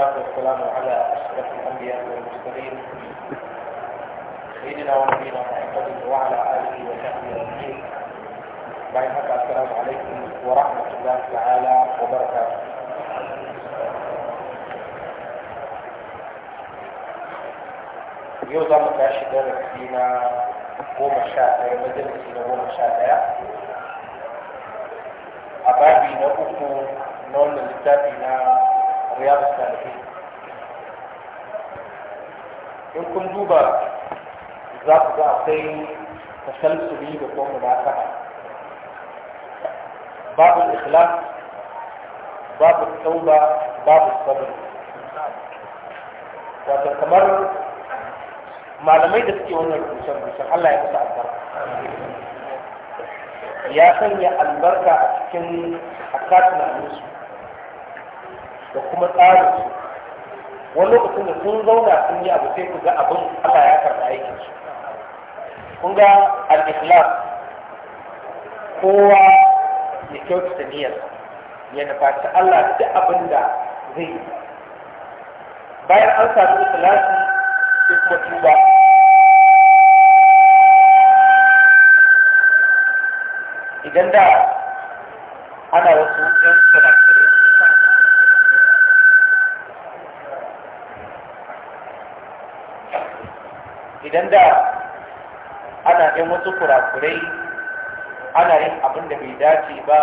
والصلاة والسلام على أشرف الأنبياء والمرسلين سيدنا ونبينا محمد وعلى آله وصحبه أجمعين بعد هذا السلام عليكم ورحمة الله تعالى وبركاته يوضع متعشي درس فينا قوم sha ɗaya فينا قوم goma sha نقوم نون babi ya salihin in kun duba za ku ga akwai tasalsuli da kuma munasaba babu ikhlas babu tauba babu sabr wato kamar malamai da suke wannan rubutun rubutun Allah ya musu albarka ya sanya albarka a cikin akasin musu. da kuma tsarin su wani lokacin da sun zauna sun yi abu sai ku ga abin Allah ya aikin su kun ga al-ikhlas kowa ya kyautata niyyar ya nufaci Allah da abin da zai yi bayan an sami ikhlasi sai kuma tuba idan da ana wasu yan suna idan da ana yin wasu kurakurai ana yin abin da bai dace ba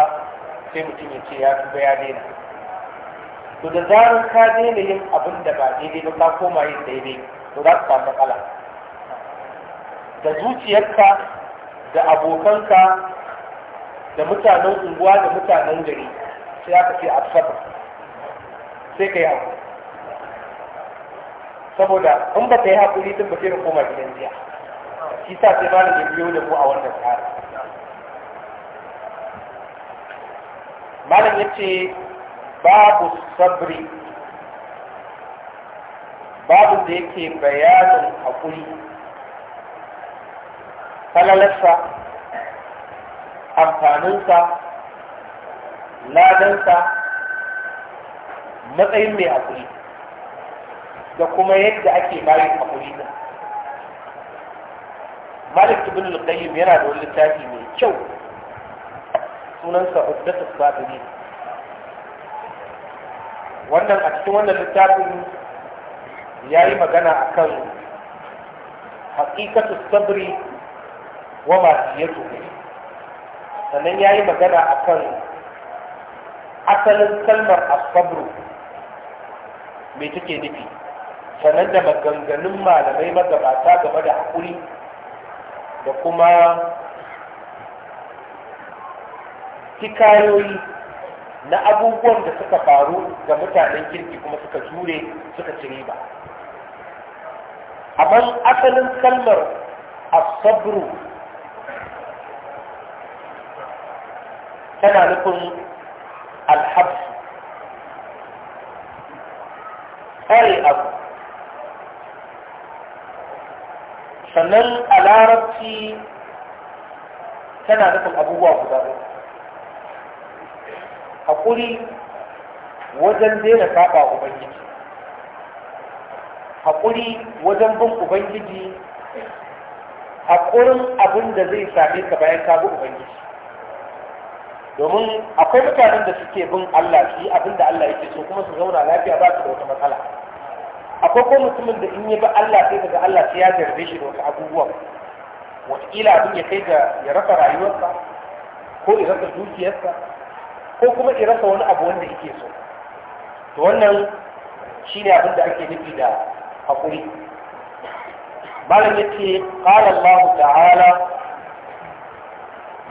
sai mutum ya ce ya tuba ya daina to da zarar ka daina yin abin da ba daidai ba ka koma yin daidai to za ka samu matsala da zuciyarka da abokanka da mutanen unguwa da mutanen gari sai aka ce a sai ka yi abu saboda in ba ta yi hakuri tun ba sai da koma gidan jiya shi sa sai malam ya biyo da mu a wannan tsari malam ya ce babu sabri babu da yake bayanin haƙuri falalarsa amfaninsa ladansa matsayin mai haƙuri da kuma yadda ake bayan hakuri da malik ibn al-qayyim yana da wani littafi mai kyau sunansa ubdatu sabiri wannan a cikin wannan littafin ya yi magana a kan haƙiƙatu sabri wa masu masiyatu sannan ya yi magana a kan asalin kalmar asabru mai take nufi sanar da maganganun malamai magabata game da haƙuri da kuma tikayoyi na abubuwan da suka faru ga mutanen kirki kuma suka jure suka cire ba amma asalin kalmar asabru tana nufin alhabsu tsare abu sannan a larabci tana nufin abubuwa guda ba. haƙuri wajen daina saba ubangiji haƙuri wajen bin ubangiji haƙurin abin da zai same ka bayan ka bi ubangiji domin akwai mutanen da suke bin Allah su yi abin da Allah yake so kuma su zauna lafiya ba su da wata matsala akwai ko mutumin da in yi ba Allah sai daga Allah sai ya jarbe shi da wasu abubuwa wataƙila abin ya kai ga ya rasa rayuwarsa ko ya rasa dukiyarsa ko kuma ya rasa wani abu wanda yake so to wannan shi ne abin da ake nufi da haƙuri malam ce qala Allah ta'ala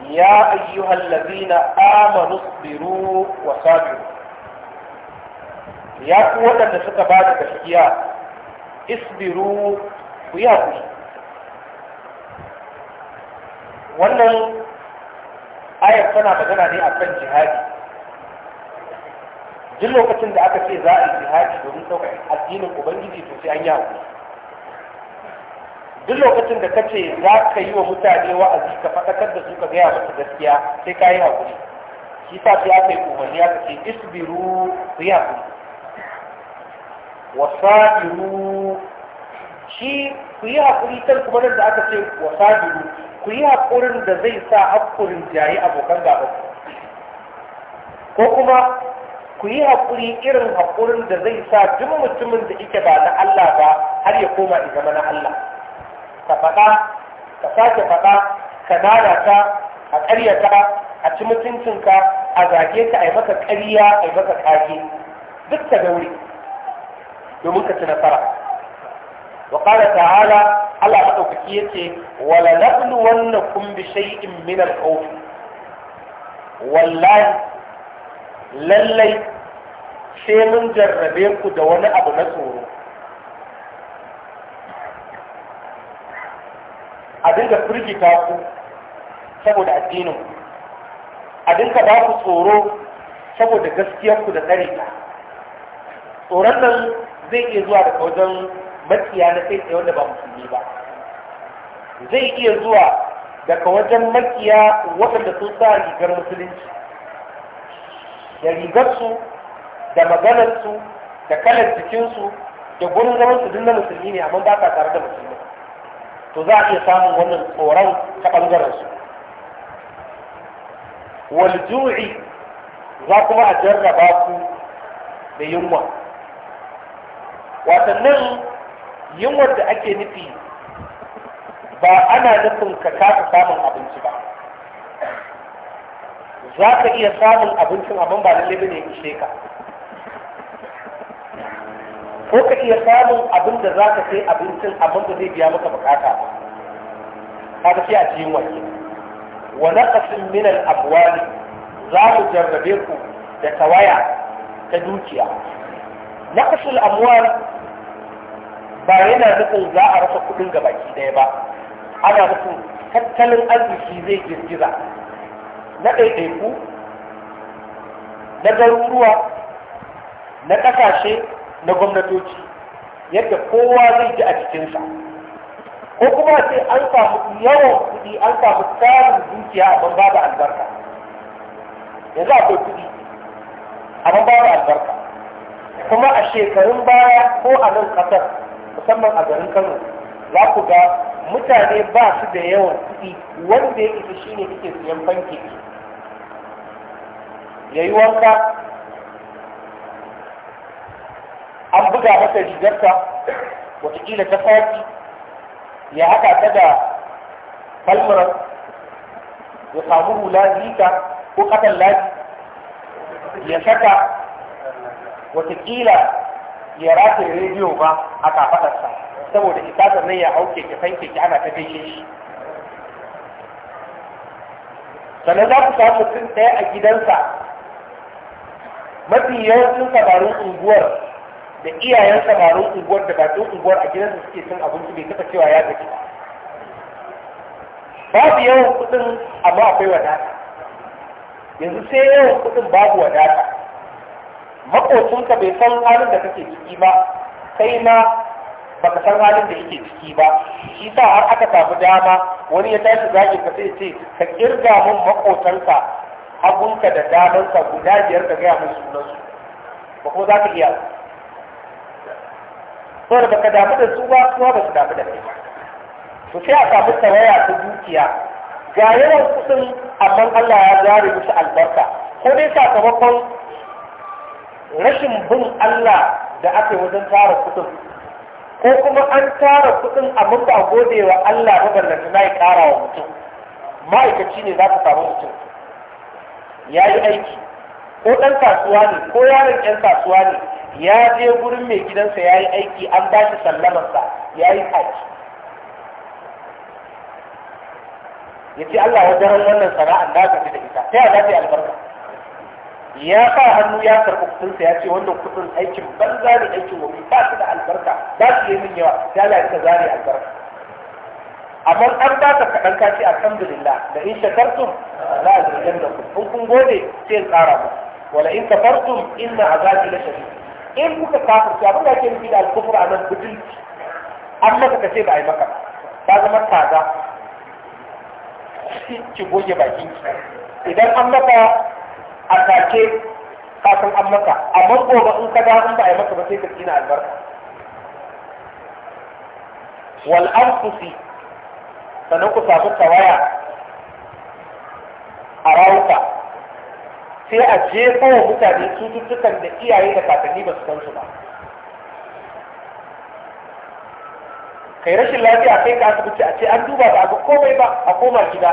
ya ayyuhal na amanu Biru wa sabiru ya ku waɗanda suka ba da gaskiya isbiru ku yi haƙuri wannan ayar tana magana ne a kan jihadi duk lokacin da aka ce za a yi jihadi domin ɗaukar addinin ubangiji to sai an yi haƙuri duk lokacin da ka ce za ka yi wa mutane wa'azi ka faɗakar da su ka gaya musu gaskiya sai ka yi haƙuri shi sa sai aka yi umarni aka ce isbiru ku yi haƙuri wasabiru shi ku yi haƙuri kar kuma da aka ce wasabiru ku yi haƙurin da zai sa haƙurin jayi abokan gaba ko kuma ku yi haƙuri irin haƙurin da zai sa duk mutumin da ike ba na Allah ba har ya koma ya zama na Allah ka faɗa ka sake faɗa ka ka a ƙaryata a ci mutuncinka a zage ka a yi maka ƙarya a yi maka duk ka daure domin ka ci nasara wa qala ta'ala Allah dauki yace wala wannakum bi shay'in min al-khawf wallahi lallai sai mun jarrabe ku da wani abu na tsoro a dinga firgita ku saboda addinin a dinga ba ku tsoro saboda ku da tsare ta tsoron nan zai iya zuwa daga wajen makiya na kai wanda ba musulmi ba zai iya zuwa daga wajen makiya waɗanda sun sa rigar musulunci da rigarsu da maganarsu da kalar jikinsu da gurin zaman su na musulmi ne amma ba ka tare da musulmi to za a iya samun wannan tsoron ta ɓangaren su za kuma a jarraba ku da yunwa Wasannin yin da ake nufi ba ana nufin ka kasa samun abinci ba za ka iya samun abincin abin ba lalle bane ishe ka ko ka iya samun abin da za ka sai abincin abin da zai biya maka bukata ba ka ga a cikin wake wa naqasin min al abwali za ku jarrabe ku da tawaya ta dukiya naqasul amwal ba yana nufin za a rasa kuɗin ga baki ɗaya ba ana nufin tattalin arziki zai girgiza na ɗaiɗaiku na garuruwa na ƙasashe na gwamnatoci yadda kowa zai ji a cikinsa ko kuma sai an samu yawan kuɗi an samu tsarin dukiya ban babu albarka yanzu akwai kuɗi ban babu albarka kuma a shekarun baya ko a nan ƙasar musamman a garin kano za ku ga mutane ba su da yawan kuɗi wanda ya isa shine kike siyan banki ya yi wanka an buga masa rigarta watakila ta sati ya haɗa ta da palmaran ya samu hula zika ko katan laji ya saka watakila ya rata rediyo ba a kafadarsa saboda ita sannan ya hau keke fan keke ana ta gaishe shi sannan za ku samu tun ɗaya a gidansa mafi yawancin sabarin unguwar da iyayen sabarin unguwar da bakin unguwar a gidansa suke sun abinci bai taɓa cewa ya gaji babu yawan kuɗin amma akwai wadata yanzu sai yawan kuɗin babu wadata makocinka bai san halin da kake ciki ba kai ma baka san halin da yake ciki ba shi sa har aka samu dama wani ya tashi zagin ka sai ce ka kirga mun makotanka hagunka da damansa guda biyar ka gaya mun sunansu ba ko za ka iya ba da baka damu da su ba su ba su damu da kai to sai a samu tawaya ta dukiya ga yawan kuɗin amma Allah ya zare musu albarka ko dai sakamakon rashin bin Allah da aka yi wajen tara kuɗin ko kuma an tara kuɗin amma ba gode wa Allah ba ballanta na yi ƙara wa mutum ma'aikaci ne za ka samu mutum ya yi aiki ko ɗan kasuwa ne ko yaron ɗan kasuwa ne ya je gurin mai gidansa ya yi aiki an ba shi sallamarsa ya yi aiki ya ce Allah wajen wannan sana'ar na ka da ita ta za ta yi albarka ya sa hannu ya karɓi kuɗinsa ya ce wannan kuɗin aikin banza ne aikin wani ba su da albarka ba su yi min yawa ya la ka zare albarka amma an ba ka kaɗan ka ce alhamdulillah da in shakartum za a zargin yadda ku in kun gode sai in ƙara mu wala in kafartum inna azabi la shadid in kuka kafirce abin da ke nufi da alkufur a nan butulci an maka kace ba a yi maka ta zama kaza ki goge bakin ki idan an maka a take kafin an maka amma gobe in ka dawo in ba a yi maka ba sai ka tsina albarka wal anfusi sannan ku samu tawaya a rawuka sai a jefa wa mutane cututtukan da iyaye da kakanni ba su san su ba kai rashin lafiya kai ka asibiti a ce an duba ba a ga komai ba a koma gida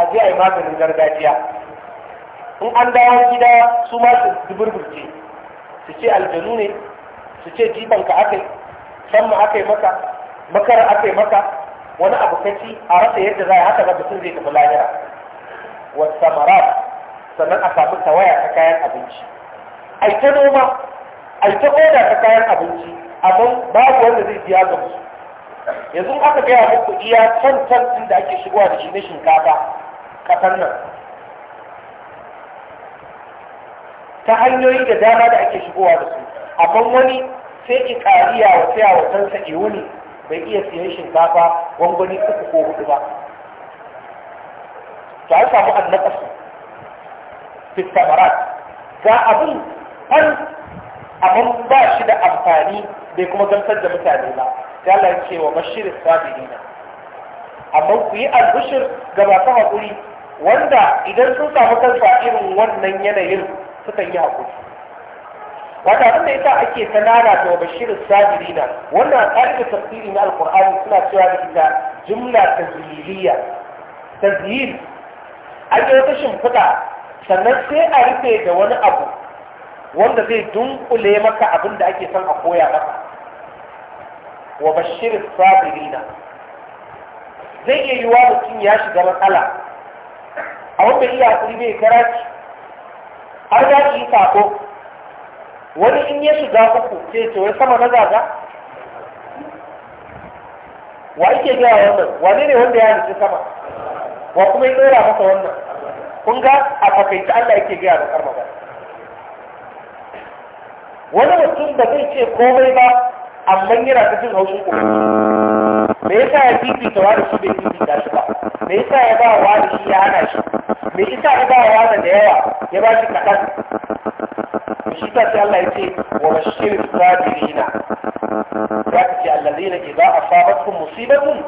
a je a yi maganin gargajiya in an dawo gida su ma su duburburce su ce aljanu ne su ce ka aka yi samma aka yi maka makara aka yi maka wani abu kaci a rasa yadda za a haka ba mutum zai tafi lahira wa samara sannan a samu tawaya ta kayan abinci ai ta noma ai ta koda ta kayan abinci amma babu wanda zai biya ga musu yanzu aka gaya muku iya can can da ake shigowa da shi na shinkafa kasar nan ta hanyoyi da dama da ake shigowa da su amma wani sai kariya wa tsaya wa ke iwuni bai iya siyan shinkafa gwangwani uku ko hudu ba to an samu annakasu fitamarat ga abin har amma ba shi da amfani bai kuma gamsar da mutane ba ya ce wa bashirin sabirina amma ku yi albishir ga masu haƙuri wanda idan sun samu kansu irin wannan yanayin sukan yi haƙuri wata abin da ita ake ta da wa bashirin sabirina wannan da tafsiri na alkur'ani suna cewa da ita jumla ta tazhir an yi wata shimfiɗa sannan sai a rufe da wani abu wanda zai dunkule maka abin da ake son a koya maka wa bashirin sabirina zai iya yiwa mutum ya shiga matsala a wanda iya kuri bai karaci har za ki yi sako wani in ya shiga uku ce to ya sama na zaza? wa ake gaya wannan Wani ne wanda ya nufi sama wa kuma yi tsira masa wannan kun ga a fakaita Allah yake gaya da karma ba wani mutum da zai ce komai ba amma yana ta jin haushin ku me yasa ya ta wani shi bai da shi ba me yasa ya ba wa da shi ya hana shi me yasa ya ba wa da yawa ya ba shi kaɗan shi ta ce Allah ya ce wa bashir sabirina za ka ce allazina idza asabatkum musibatun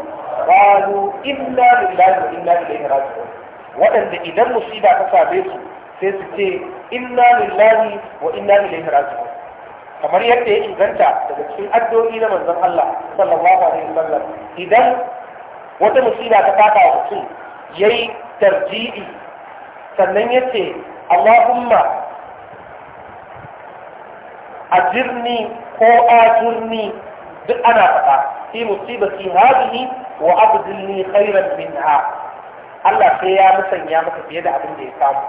qalu inna lillahi wa inna ilaihi raji'un waɗanda idan musiba ta same su sai su ce inna lillahi wa inna ilaihi raji'un kamar yadda ya inganta daga cikin addu'o'i na manzon Allah sallallahu alaihi wasallam idan wata musiba ta fada wa mutum yayi tarji'i sannan ya ce Allahumma ajirni ko ajirni duk ana faɗa fi musibati hadhihi wa abdilni khairan minha Allah sai ya musanya maka fiye da abin da ya samu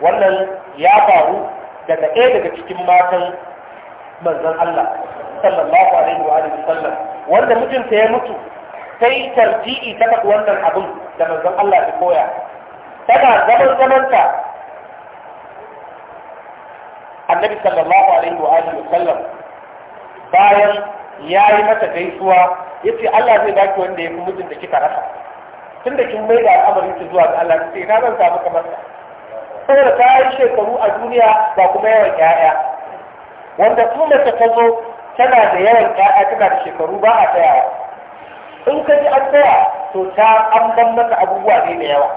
wannan ya faru daga ɗaya daga cikin matan manzon Allah sallallahu alaihi wa alihi sallam wanda mijinta ya mutu sai tarji'i ta faɗi wannan abin da manzon Allah ya koya tana zaman zamanta annabi sallallahu alaihi wa alihi wa sallam bayan ya yi mata gaisuwa ya ce Allah zai baki wanda ya fi da kika rasa tun da kin da al'amarin ki zuwa ga Allah sai ka zan samu kamar sa saboda ta yi shekaru a duniya ba kuma yawan ƴaƴa wanda tun mace ta zo tana da yawan ƴaƴa tana da shekaru ba a tsayawa in ka ji an tsaya to ta an ban mata abubuwa ne da yawa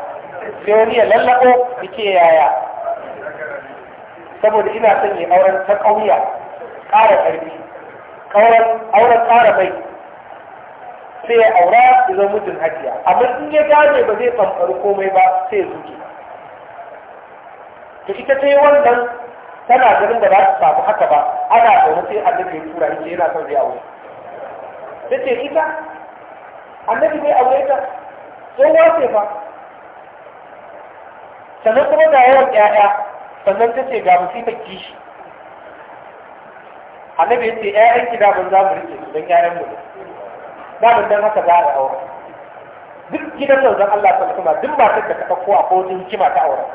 sai lallabo ya lallabo yaya saboda ina son yi auren ta ƙauya ƙara ƙarfi auren ƙara mai sai ya aura ya zo mutum hajiya amma in ya gane ba zai tsamfari komai ba sai ya zuke to ita ta yi wannan tana ganin da za su samu haka ba ana da sai annabi ya tura yake yana son zai aure ta ce ita annabi mai aure ta tsohuwa ya fa sannan kuma ga yawan ƴaƴa sannan ta ce ga musibar kishi annabi ya ce ƴaƴan ki da ban za mu rike su don ƴaƴan mu da ban dan haka za a aure duk gidan manzon Allah ta kuma duk matar da ta ko a kodin kima ta aure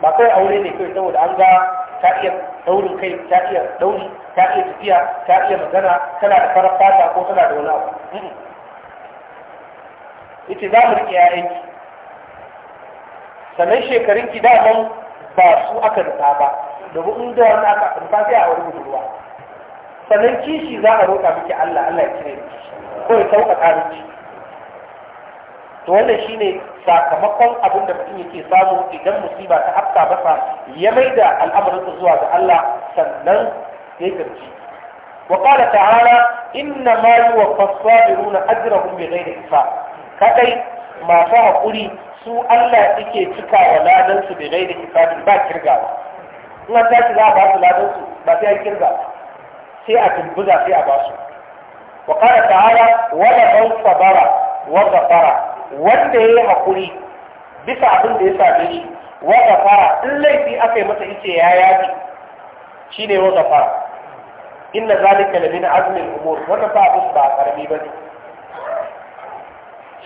ba kai aure ne kai saboda an ga ta iya daurin kai ta iya dauri ta iya tafiya ta iya magana tana da farar fata ko tana da wani abu yace za mu rike ki. sannan shekarun ki daman ba su aka rufa ba domin in da wani aka rufa sai a wani budurwa sannan kishi za a roƙa miki Allah Allah ya cire miki ko ya sauƙaƙa miki to wannan shine sakamakon abin da mutum yake samu idan musiba ta afka masa ya maida al'amarinsa zuwa ga Allah sannan ya garji وقال تعالى إنما يوفى الصابرون أجرهم بغير حساب كأي ما فيها قولي su Allah suke cika wa ladansu da gaida hisabin ba ba. in an tashi za a ba su ladansu ba sai an kirga sai a tumbuza sai a ba su wa kana ta'ala wala ban sabara wa ghafara wanda yayi hakuri bisa abin da ya same shi wa fara, in laifi aka yi masa ice ya shi ne wa fara. inna zalika lamina azumin umur wannan ba ƙarami ba karami bane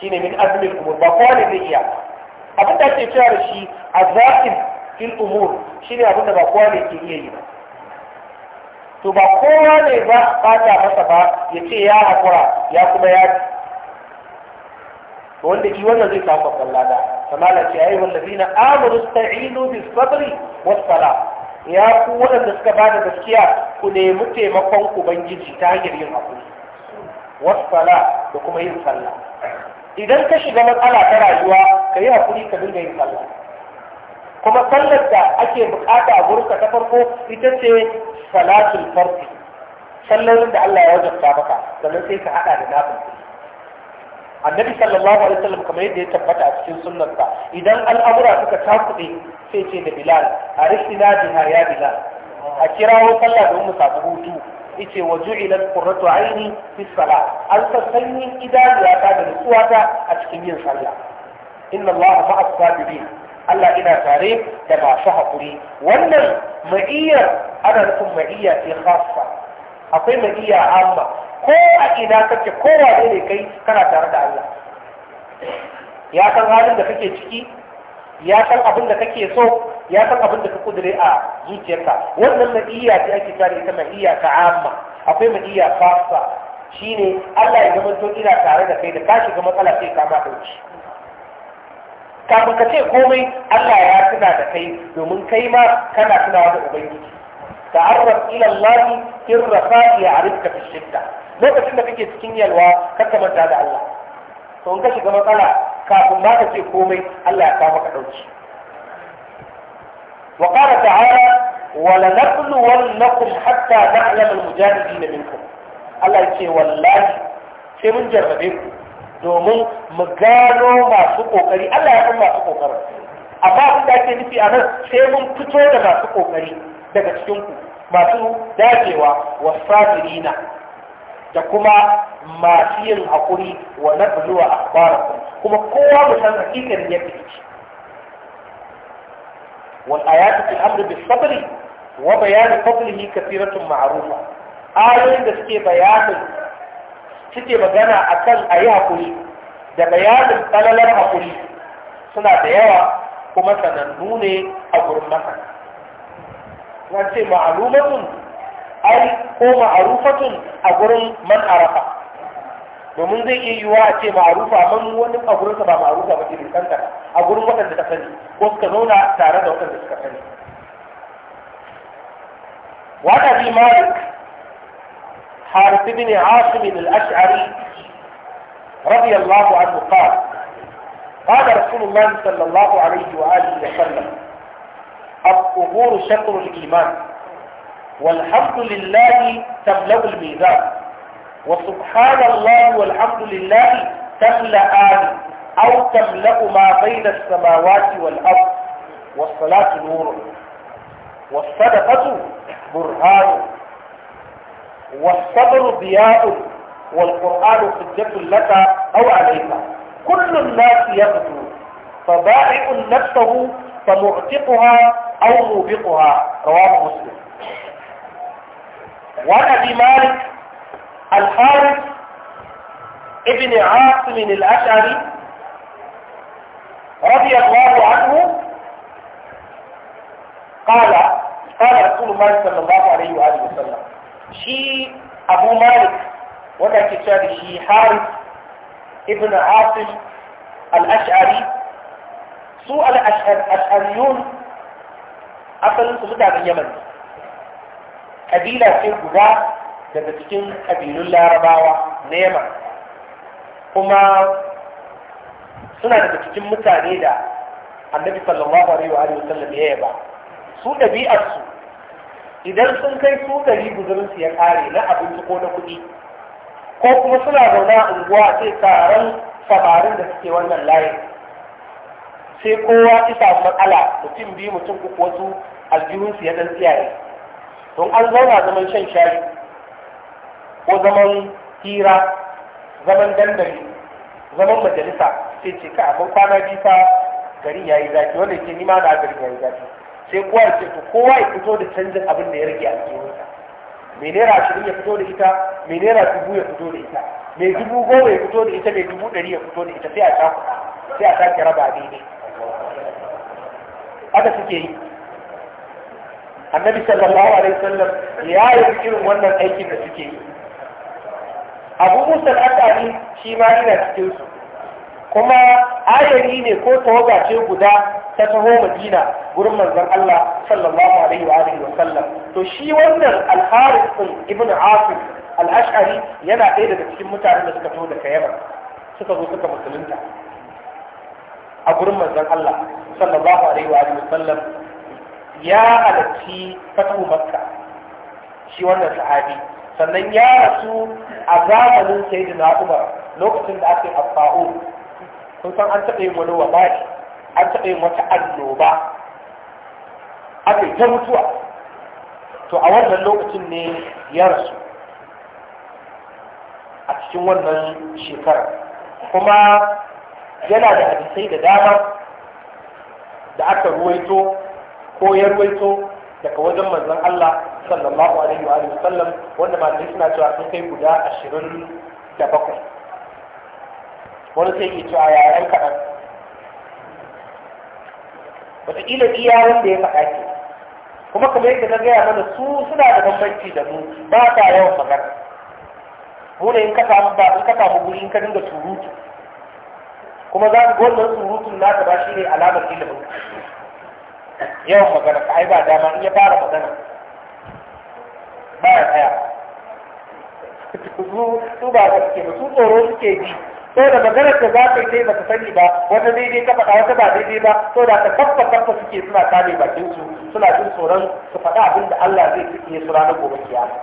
shine min azmin umur ba kowa ne zai iya abin da ake cewa da shi azim fil umur shine abin da ba kowa ne ke iya yi ba to ba kowa ne ba ba bata masa ba ya ce ya haƙura ya kuma ya to wanda shi wannan zai samu babban lada kamala ce ayi wallazi na amuru sta'inu bis sabri was sala ya ku waɗanda suka bada gaskiya ku nemi taimakon ubangiji ta hanyar yin haƙuri wasu sala da kuma yin sallah idan ka shiga matsala ta rayuwa ka yi hakuri ka dinga yin sallah kuma sallar da ake bukata a gurinka ta farko ita ce salatul farfi sallolin da Allah ya wajabta maka sannan sai ka hada da nafin annabi sallallahu alaihi wasallam kamar yadda ya tabbata a cikin sunnarsa idan al'amura suka takuɗe sai ce da bilal a rishina biha ya bilal a kirawo sallah domin mu sabu hutu Ice wa ju'ilat qurratu aini fi salat an sanyin idanuwa ta da nutsuwa ta a cikin yin sallah inna allaha ma'a sabirin Allah ina tare da masu haƙuri wannan ma'iyyar ana nufin ma'iyya ce khassa akwai ma'iyya amma ko a ina kake ko ne ne kai kana tare da Allah ya san halin da kake ciki ya san abin da kake so ya san abin da ka kudure a zuciyarka wannan ma'iyya ce ake tare ita ma'iyya ta amma akwai ma'iyya fasa shine Allah ya zama to ina tare da kai da ka shiga matsala sai ka ma dauki kafin ka ce komai Allah ya tuna da kai domin kai ma kana tunawa da ubangiji ta'arraf ila Allah in rafa'i ya'rifka fi shidda lokacin da kake cikin yalwa ka kamanta da Allah to in ka shiga matsala kafin ma ka ce komai Allah ya kawo ka dauki وقال تعالى ولنبلونكم حتى نعلم المجاهدين منكم Allah ya ce wallahi sai mun jarrabe ku domin mu gano masu kokari Allah ya san masu kokarin amma abin da ake nufi a nan sai mun fito da masu kokari daga cikin ku masu dagewa wa sabirina da kuma masu yin hakuri wa nabluwa akhbarakum kuma kowa mu san hakikanin yadda yake والآيات في الأمر بالصبر وبيان فضله كثيرة معروفة آيين da suke bayanin suke magana akan ayi hakuri da bayanin falalar haƙuri, suna da yawa kuma sanannu ne a gurin masana wance ma'alumatun ai ko ma'arufatun a gurin man arafa domin zai iya yiwuwa a ce ma'arufa man wani a gurinsa ba ma'arufa ba ke riskanta a gurin waɗanda ta sani ko suka zauna tare da waɗanda suka sani وعن ابي مالك حارث بن عاصم الاشعري رضي الله عنه قال قال رسول الله صلى الله عليه واله وسلم الطهور شطر الايمان والحمد لله تملا الميزان وسبحان الله والحمد لله تملأان أو تملأ ما بين السماوات والأرض والصلاة نور والصدقة برهان والصبر ضياء والقرآن حجة لك أو عليك كل الناس يغدو فبائع نفسه فمعتقها أو موبقها رواه مسلم وعن أبي مالك الحارث ابن عاصم الأشعري رضي الله عنه قال قال رسول الله صلى الله عليه وآله وسلم شي أبو مالك ولا كتاب شي حارث ابن عاصم الأشعري سوء الأشعريون أصلا سبدا اليمن قبيلة في الجزاء daga cikin ƙabilun larabawa na yamma kuma suna daga cikin mutane da annabi sallallahu alaihi wa sallam ya yaba su su. idan sun kai su guzurin su ya ƙare na abinci ko na kuɗi ko kuma suna zaune a unguwa sai taron sabarin da suke wannan layin sai kowa ya samu matsala mutum biyu mutum uku wasu su ya ɗan tsiyaye don an zauna zaman shan shayi ko zaman hira zaman dandali zaman majalisa sai ce ka abin kwana biyu fa gari ya yi zafi wanda ke nima da gari ya yi zafi sai kowa ya ce to kowa ya fito da canjin abin da ya rage a cikinsa mai naira ashirin ya fito da ita mai naira dubu ya fito da ita mai dubu goma ya fito da ita mai dubu ɗari ya fito da ita sai a sha sai a sake raba daidai haka suke yi annabi sallallahu alaihi wasallam ya yi irin wannan aikin da suke yi abu musa al'adari shi ma yana cikin kuma ayari ne ko tawaga ce guda ta taho madina gurin manzan Allah sallallahu alaihi wa alihi wa sallam to shi wannan al-Harith din Ibn Asim al-Ash'ari yana ɗaya daga cikin mutanen da suka zo daga yamma, suka zo suka musulunta a gurin manzan Allah sallallahu alaihi wa alihi wa sallam ya halarci fatahu Makka shi wannan sahabi sannan ya rasu a zamanin sayyidina Umar lokacin da ake yi afa'u kun san an taɓa yin wani wabari an taɓa yin wata annoba aka ta mutuwa to a wannan lokacin ne ya rasu a cikin wannan shekara kuma yana da hadisai da dama da aka ruwaito ko ya ruwaito daga wajen manzon Allah sallallahu alaihi wa sallam wanda malamai suna cewa sun kai guda ashirin da bakwai wani sai ke cewa yayan kaɗan wataƙila iya wanda ya faɗa ke kuma kuma yadda na gaya mana su suna da bambanci da mu ba ta yawan magana mu ne in ka samu ba in ka samu guri in ka dinga surutu kuma za ka ga wannan surutun naka ba shi ne alamar ilimin yawan magana ka ai ba dama in ya fara magana ba ya tsaya su ba ka suke ba su tsoro suke ji to da maganar da za ka yi sai baka sani ba wata daidai ka faɗa wata ba daidai ba to da ka kafa kafa suke suna kare bakin su suna jin tsoron su faɗa abin da Allah zai tsiye su ranar gobe kiyama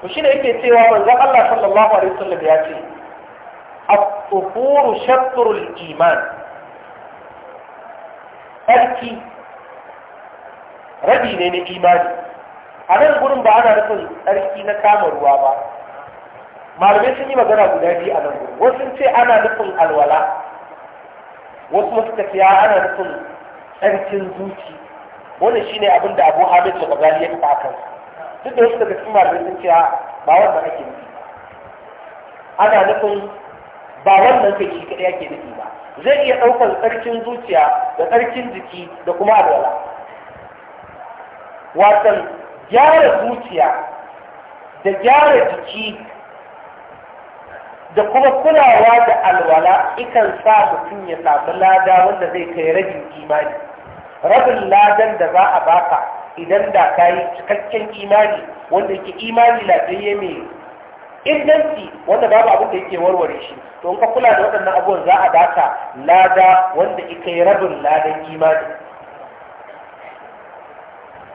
to shi ne yake cewa manzon Allah sallallahu alaihi wasallam ya ce at-tuhuru shatrul iman tsarki rabi ne na imani a nan gurin ba ana nufin tsarki na kama ruwa ba malamai sun yi magana guda biyu a nan gurin wasu ce ana nufin alwala wasu masu tafiya ana nufin tsarkin zuci wannan shine abin da abu hamid da gabali ya fita akan duk da wasu daga cikin malamai sun ce ba wannan ake nufi ana nufin ba wannan sai shi kadai yake nufi ba zai iya ɗaukar tsarkin zuciya da tsarkin jiki da kuma alwala watan gyara zuciya da gyara jiki da kuma kulawa da alwala ikan sa mutum ya samu lada wanda zai kai rabin imani rabin ladan da za a baka idan da ka yi cikakken imani wanda yake imani lafiyayye mai inganci wanda babu abin da yake warware shi to ka kula da waɗannan abubuwan za a baka lada wanda ika yi rabin ladan imani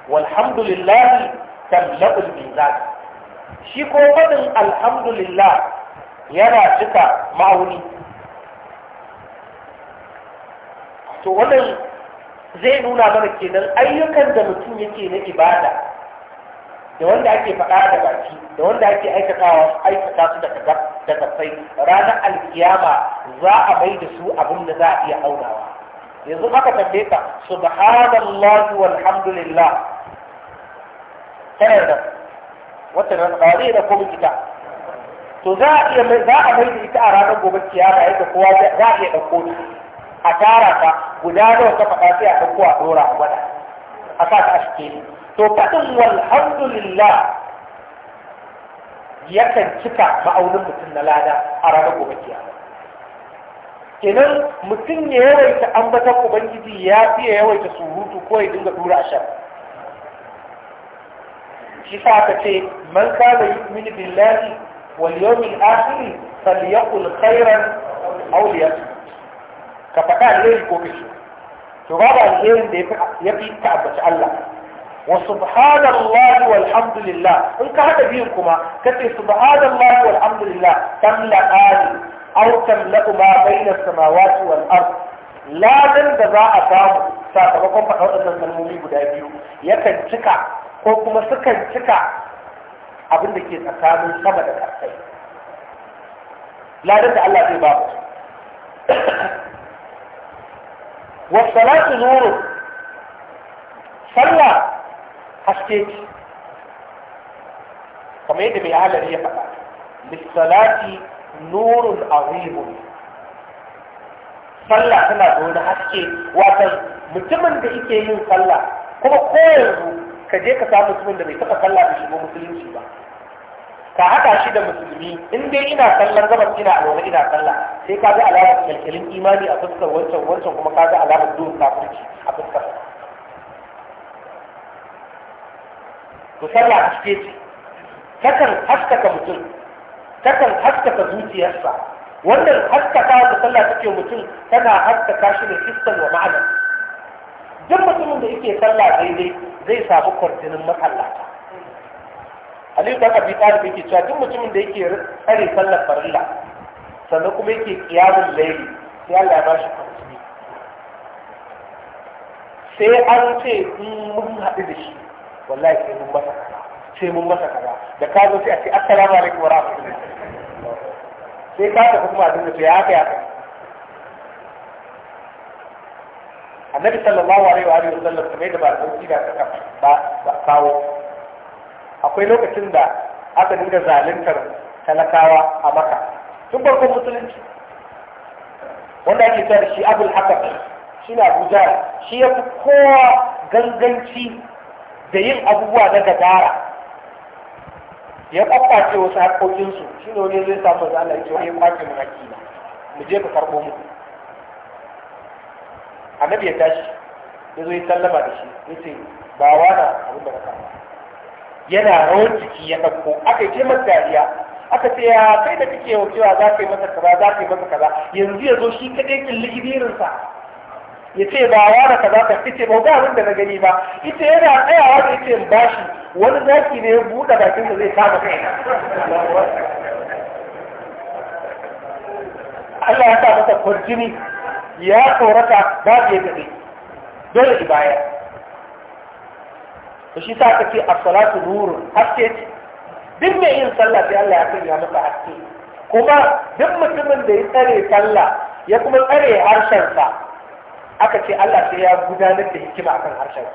walhamdulillah tamla'ul mizan shi ko faɗin alhamdulillah yana cika ma'auni to wannan zai nuna mana kenan ayyukan da mutum yake na ibada da wanda ake faɗa da baki da wanda ake aikatawa aikata su da tafai, ranar alkiyama za a mai da su abin da za a iya aunawa yanzu haka tambaye ka subhanallahi walhamdulillah tana da wata na tsari da kuma kita to za a iya za a mai da ita a ranar gobe kiyama yadda kowa za a iya ɗauko ta a tara ta guda nawa ka faɗa sai a ɗauko a ɗora a gwada a sa ta a shi to faɗin walhamdulillah yakan cika ma'aunin mutum na lada a ranar gobe kiyama kenan mutum ya yawaita ambatar ubangiji ya fi ya yawaita surutu ko ya dinga dura a shan shi sa aka ce man kana yu'minu billahi wal yawmil akhir falyaqul khairan aw liyasmut ka faɗa alheri ko kashi to babu alherin da ya fi ta'abbaci Allah wa subhanallahi in ka hada biyun kuma kace subhanallahi walhamdulillah tamla ali aw da za a samu sakamakon faɗa waɗannan kalmomi guda biyu yakan cika ko kuma sukan cika abin da haske ce kamar yadda mai halar ya faɗa lissalati nurun azimun sallah tana da wani haske watan mutumin da yake yin sallah kuma ko yanzu ka je ka samu mutumin da bai taɓa sallah da shigo musulunci ba ka haɗa shi da musulmi in dai ina sallar gabas ina wani ina sallah sai ka ga alamar kyalkyalin imani a fuskar wancan wancan kuma ka ga alamar duhun kafirci a fuskar to a haske ce takan haskaka mutum takan haskaka zuciyarsa wannan haskaka da sallah take mutum tana haskaka shi da fiskan wa ma'ana duk mutumin da yake sallah daidai zai samu kwarjinin masallata Aliyu ta Abi Talib yake cewa duk mutumin da yake tsare sallar farilla sannan kuma yake kiyamun laili sai Allah ya bashi kwarjini sai an ce in hmm, mun haɗu da shi wallahi sai mun masa kaza sai mun masa kaza da ka zo sai a ce assalamu alaikum wa rahmatullahi sai ka ta kuma a dinga to ya haka ya kai annabi sallallahu alaihi wa alihi wasallam kamar da ba dauki da ka ba ba kawo akwai lokacin da aka dinga zaluntar talakawa a maka tun farkon musulunci wanda ake cewa shi abul hakam shi na abuja shi ya fi kowa ganganci da yin abubuwa na gadara ya ce wasu haƙoƙinsu shi ne wani zai samu da Allah ya ce wani kwace mu ba? mu je ka karɓo mu annabi ya tashi ya zo ya sallama da shi ya ce ba wana abin da ka karɓa yana rawar jiki ya ɗauko aka yi taimaka dariya aka ce ya kai da kake yau cewa za ka yi masa kaza za ka yi masa kaza yanzu ya zo shi kaɗai ƙilli gidirinsa ya ce ba wa da kaza ka fice ba ba abin da na gani ba ita yana wa da ita bashi wani zaki ne ya buɗe bakin da zai kama kai Allah ya sa masa kwarjini ya tsorata ba ya tafi dole baya. to shi sa ce as-salatu nurun haske duk mai yin sallah sai Allah ya sanya masa haske kuma duk mutumin da ya tsare sallah ya kuma tsare harshensa aka ce Allah sai ya gudanar da hikima akan harshen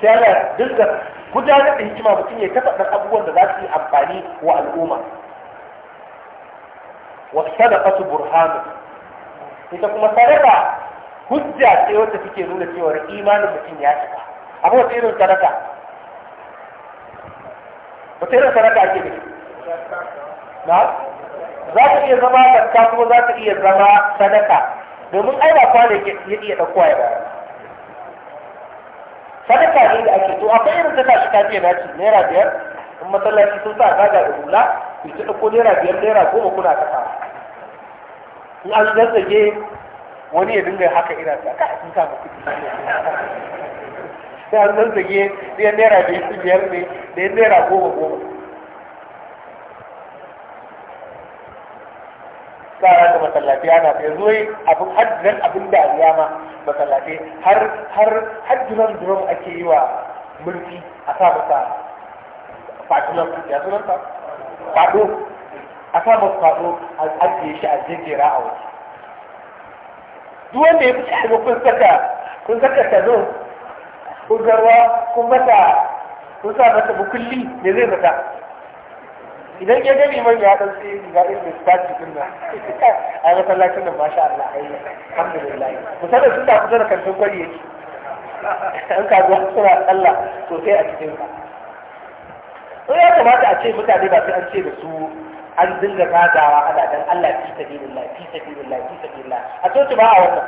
sai ya dinga gudanar da hikima mutum ya tafaɗa abubuwan da za su yi amfani wa al'umma wa sadaqatu burhanu ita kuma sadaqa hujja ce wacce take nuna cewa imanin mutum ya cika abu wata irin sadaqa wata irin sadaqa ake ne na za ta iya zama zakka kuma za ta iya zama sadaka domin ai ba kwana ya iya ɗaukowa ya ba. sadaka ne da ake to akwai irin ta tashi kafiya na ci naira biyar in masallaci sun sa gaga da hula ku ta ɗauko naira biyar naira goma kuna kasa in an zazzage wani ya dinga haka ina ta ka sun sa kuɗi sai an zazzage ɗaya naira biyar biyar ne ɗaya naira goma goma tsara da masallaci ana sai zuwa abin hajjinan abin da ya ma masallaci har har hajjinan drum ake yi wa mulki a sa masa fatulan ya sunan ta fado a sa masa fado a ajiye shi a jejjera a waje duk wanda ya fi shi kun saka kun saka tazo kun garwa kun mata kun sa mata bukulli me zai mata idan ya gani mai ya dan sai ga irin lissafi din nan a masallacin nan masha Allah ai alhamdulillah kusa da sun da kusa da kantin kwari yake an ka zuwa suna Allah to sai a cikin ka to ya kamata a ce mutane ba sai an ce da su an dinga gagawa ana dan Allah fi sabilillah fi sabilillah fi sabilillah a coci ba a wannan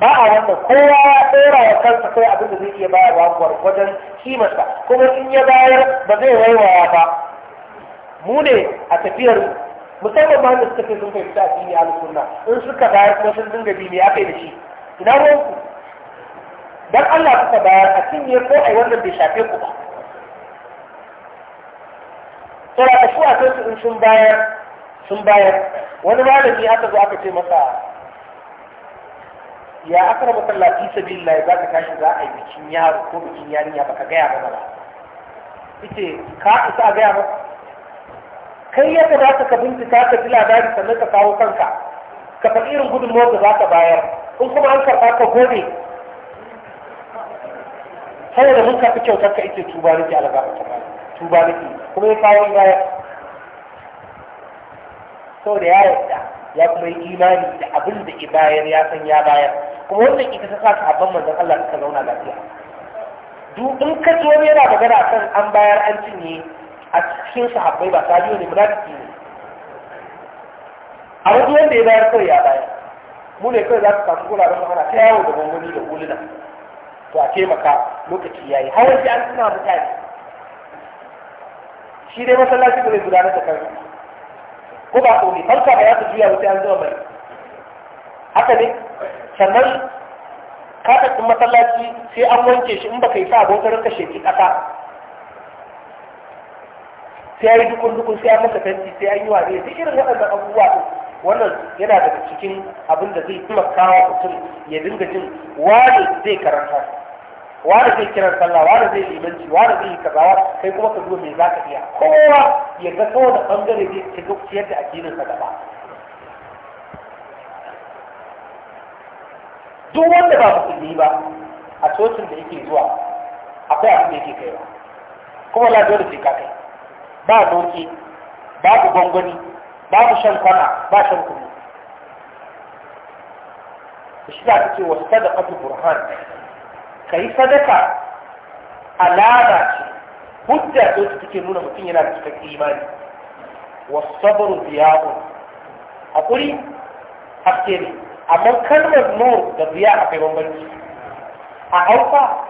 ba a wannan kowa ya tsora wa kansa kai abin da zai iya bayarwa gwargwadon kimarsa kuma in ya bayar ba zai waiwaya ba mu ne a tafiyar musamman ba da suka fi sun fahimta a dini ahlus sunna in suka bayar kuma sun dinga bi ne aka yi da shi ina ruwan ku dan Allah suka bayar a cinye ko a wannan bai shafe ku ba tsara da shi a su in sun bayar sun bayar wani malami aka zo aka ce masa ya aka masallaci sallafi sabilillah za ka tashi za a yi bikin yaro ko bikin yarinya baka gaya mana ba ita ka isa a gaya masa kai yadda za ka bincika ka ji labari sannan ka kawo kanka ka faɗi irin gudunmawar da za ka bayar in kuma an karɓa ka gode saboda mun karɓi kyautar ka ita tuba nake algaba tuba nake kuma ya kawo baya saboda ya yarda ya kuma yi imani da abin da ke bayar ya san ya bayar kuma wannan ita ta sa sahabban manzon Allah suka zauna lafiya duk in ka zo wani yana magana kan an bayar an cinye a cikin sahabbai ba tabi'u ne munafiki ne a wajen wanda ya bayar kawai ya bayar mu ne kawai za su samu guraren mahana ta yawo da gwangwani da huluna to a taimaka lokaci ya yi hawan ji an suna mutane shi dai masallaci ba zai gudanar da kansu ko ba ko ne farka ba ya ta juya wuce an zuwa mai haka ne sannan katakun masallaci sai an wanke shi in ka yi sa abokan kashe sheki ƙasa sai yi dukun dukun sai an masa fenti sai an yi wa zai duk irin waɗannan abubuwa wannan yana daga cikin abin da zai taimakawa mutum ya dinga jin wani zai karanta wani zai kiran sallah wani zai limanci wani zai yi kazawa kai kuma ka duba me za ka iya kowa ya ga da bangare zai ta yadda da addinin sa gaba duk wanda ba yi ba a cocin da yake zuwa akwai abin da yake kaiwa kuma na dole sai ka kai ba doki babu gwangwani babu shan kwana ba shan kuma shi da ta ce wasu sadaqatu burhan ka yi sadaka alama ce hujja ce ta take nuna mutum yana da cikakke imani wasu sabaru biya'un haƙuri haske ne amma kalmar nur da biya akwai bambanci a hausa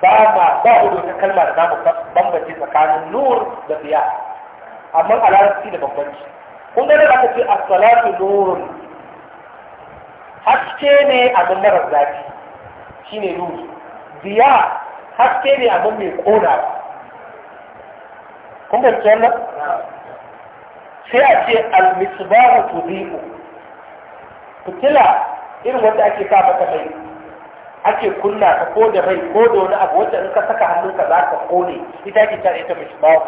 ba ma ba hudu ta kalma da zamu bambanci tsakanin nur da biya amma a larabci da bambanci kun ga da aka ce as-salatu nurun haske ne a abin marar zafi shine nuru Biya, haske ne abin mai kona kun ga wannan sai a ce al-misbahu Ku fitila irin wanda ake sa maka mai ake kunna ka ko da mai ko da wani abu wacce in ka saka hannunka za ka kone ita ake ta ita misbahu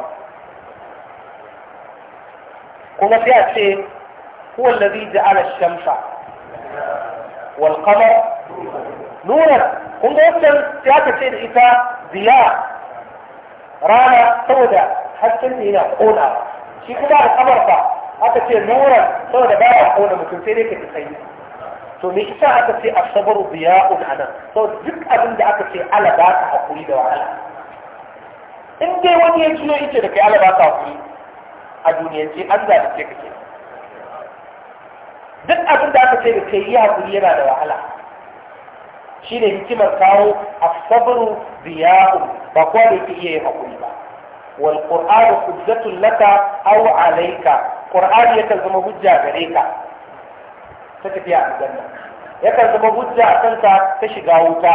kuma sai a ce huwa allazi ja'ala ash-shamsa wal qamar nuran kun ga wannan sai aka ce da ita biya rana saboda hasken ne yana ƙona, shi kuma Alƙamar qamar fa aka ce nuran saboda ba baya ƙona mutum sai dai ka ji sanyi to me isa aka ce as-sabru diya'un anan so duk abin da aka ce ala ba ka hakuri da wahala in dai wani ya ciyo ita da kai ala ba ka hakuri a duniyance an zalunce ka ke duk abin da aka ce da kai yi hakuri yana da wahala shi ne hikimar kawo a sabon ziyaru ba kuwa da yake iya yin hakuri ba wal qur'anu hujjatul laka aw Ƙur'ani ya kan zama hujja gare ka ta tafiya a ya kan zama hujja a kanka ta shiga wuta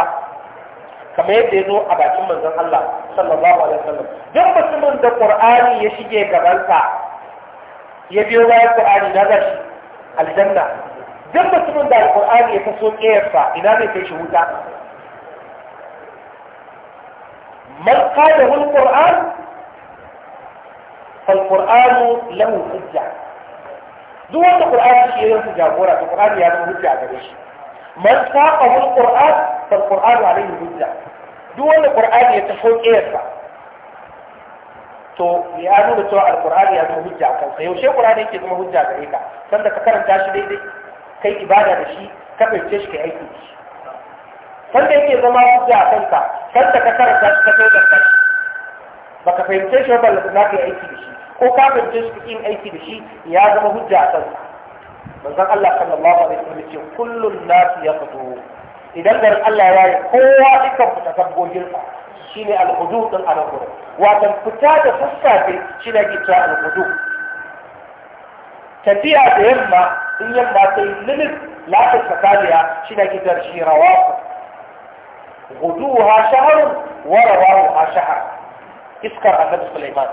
kamar yadda ya zo a bakin manzon Allah sallallahu alaihi wasallam duk mutumin da qur'ani ya shige gabansa ya biyo bayan Qur'ani na gashi aljanna duk mutumin da Qur'ani ya taso kiyarsa ina zai kai shi wuta man qala hul Qur'an fal Qur'anu lahu hujja duk wanda Qur'ani shi ya jagora to Qur'ani ya zama hujja gare shi man saqa hul Qur'an fal Qur'anu alayhi hujja duk wanda Qur'ani ya taso kiyarsa to ya nuna cewa alkur'ani ya zama hujja a kansa yaushe qur'ani yake zama hujja gare ka sanda ka karanta shi daidai kai ibada da shi ka fahimce shi kai aiki da shi sanda yake zama hujja a kanka sanda ka karanta shi ka tozarta shi baka fahimce shi ba na kai aiki da shi ko ka fahimce shi kin aiki da shi ya zama hujja a kanka manzon Allah sallallahu alaihi wasallam ce kullun nas yaqdu idan garin Allah ya yi kowa ikan ta sabgogin sa shine al-hudu din anan gurin wato fita da sassafe shine ake al-hudu tafiya da yamma in yamma sai limit la ta tsakaliya shine ake cewa shi rawafu wa شهر ورواها شهر iskar annabi Sulaiman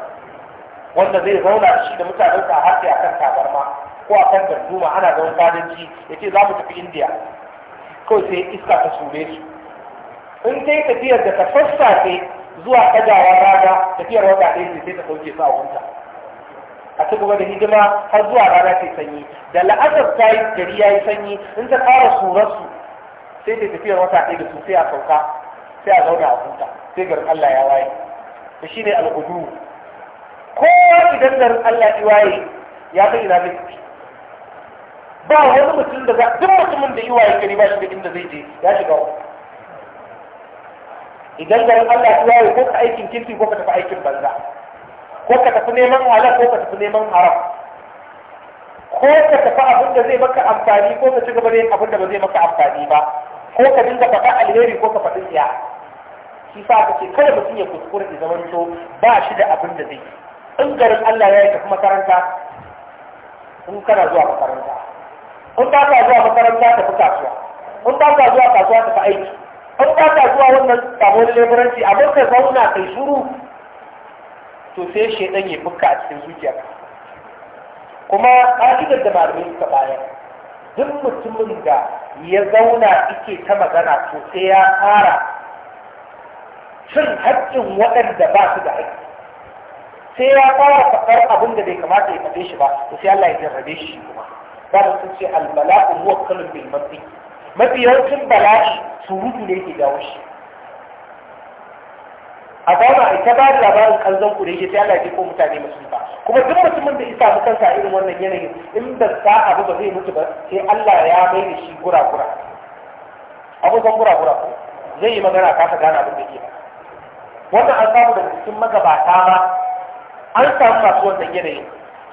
wanda zai zauna shi da mutanen sa har sai akan tabarma ko akan darduma ana zaman fadanci yace za mu tafi India kawai sai iska ta sure su in ta yi tafiyar da ta fassafe zuwa ɗagawa rana tafiyar wata ɗaya ce sai ta sauke su a wuta a ci gaba da hidima har zuwa rana sai sanyi da la'asar ta yi gari ya yi sanyi in ta fara surarsu sai ta tafiyar wata ɗaya da su sai a sauka sai a zauna a huta sai garin Allah ya waye da shi ne al'udu Ko idan garin Allah ya waye ya kai ina zai tafi ba wani mutum da za duk mutumin da iwaye gari ba shi da inda zai je ya shiga wani idan garin Allah ya yi ko ka aikin kirki ko ka tafi aikin banza ko ka tafi neman halal ko ka tafi neman haram ko ka tafi abin da zai maka amfani ko ka ci gaba da abin da ba zai maka amfani ba ko ka dinga faɗa alheri ko ka faɗi tsiya shi sa ka ce kada mutum ya kuskure da zaman to ba shi da abin da zai in garin Allah ya yi tafi makaranta in kana zuwa makaranta in ba ka zuwa makaranta tafi kasuwa in ba ka zuwa kasuwa tafi aiki an ba ta zuwa wannan samun leburanci a bakar zauna kai shuru to sai shaidan ya buka a cikin zuciya kuma ƙa'idar da malamai suka bayar duk mutumin da ya zauna ike ta magana to sai ya fara cin haƙƙin waɗanda ba su da haƙƙi sai ya fara faɗar abin da bai kamata ya faɗe shi ba to sai Allah ya jarrabe shi kuma ba sun ce albala'u muwakkalun bil ɗin. mafi yawancin bala'i surutu ne ke jawo shi a gama a ta da labarin kanzon ku da yake sai Allah ko mutane masu ba. kuma duk mutumin da isa mutan kansa irin wannan yanayin in ba sa abu ba zai mutu ba sai Allah ya mai da shi gura-gura abu san gura-gura ko zai yi magana kasa gane abin da ke ba. wannan an samu daga cikin magabata ma an samu masu wannan yanayin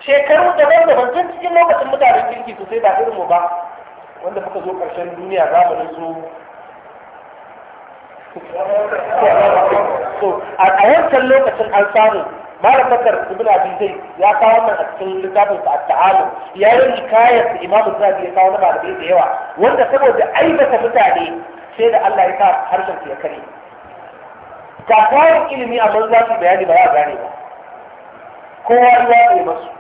shekaru daban-daban tun cikin lokacin mutanen kirki sosai ba irin mu ba wanda muka zo ƙarshen duniya zamanin su so a yankan lokacin an samu mara bakar ibn abi zai ya kawo mana a cikin littafin sa at-ta'alu ya yi hikayar imamu zabi ya kawo na malamai da yawa wanda saboda aibata mutane sai da Allah ya sa harshen ya kare ga kayan ilimi a za su bayani ba ya gane ba kowa ya yi masu